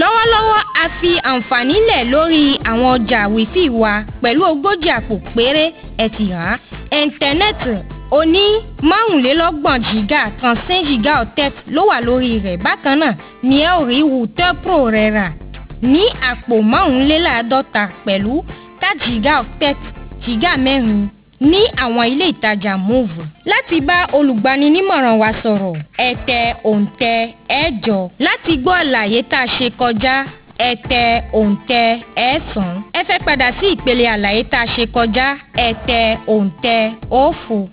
Lọ́wọ́lọ́wọ́ a fi àǹfààní lẹ̀ lórí àwọn ọjà wífì wa pẹ̀lú ogójì àpò péré ẹ sì rà á. Íńtánẹ́ẹ̀tì oní márùnlélọ́gbọ̀n gíga kan sí gíga ọ̀tẹ́t ló wà lórí rẹ̀ bákan náà ni ẹ ò rí wùtẹ́ pro rẹ̀ rà ní àpò márùnléláàádọ́ta pẹ̀lú 4 gíga ọ̀tẹ́t giga mẹ́rin ní àwọn ilé ìtajà Move láti bá olùgbaninímọ̀ràn wa sọ̀rọ̀ ẹ tẹ òǹtẹ̀ ẹ̀jọ láti gbọ́ àlàyé tá a ṣe kọjá ẹ tẹ òǹtẹ̀ ẹ̀sán ẹ fẹ́ padà sí ìpele àlàyé tá a ṣe kọjá ẹ tẹ òǹtẹ̀ òfo.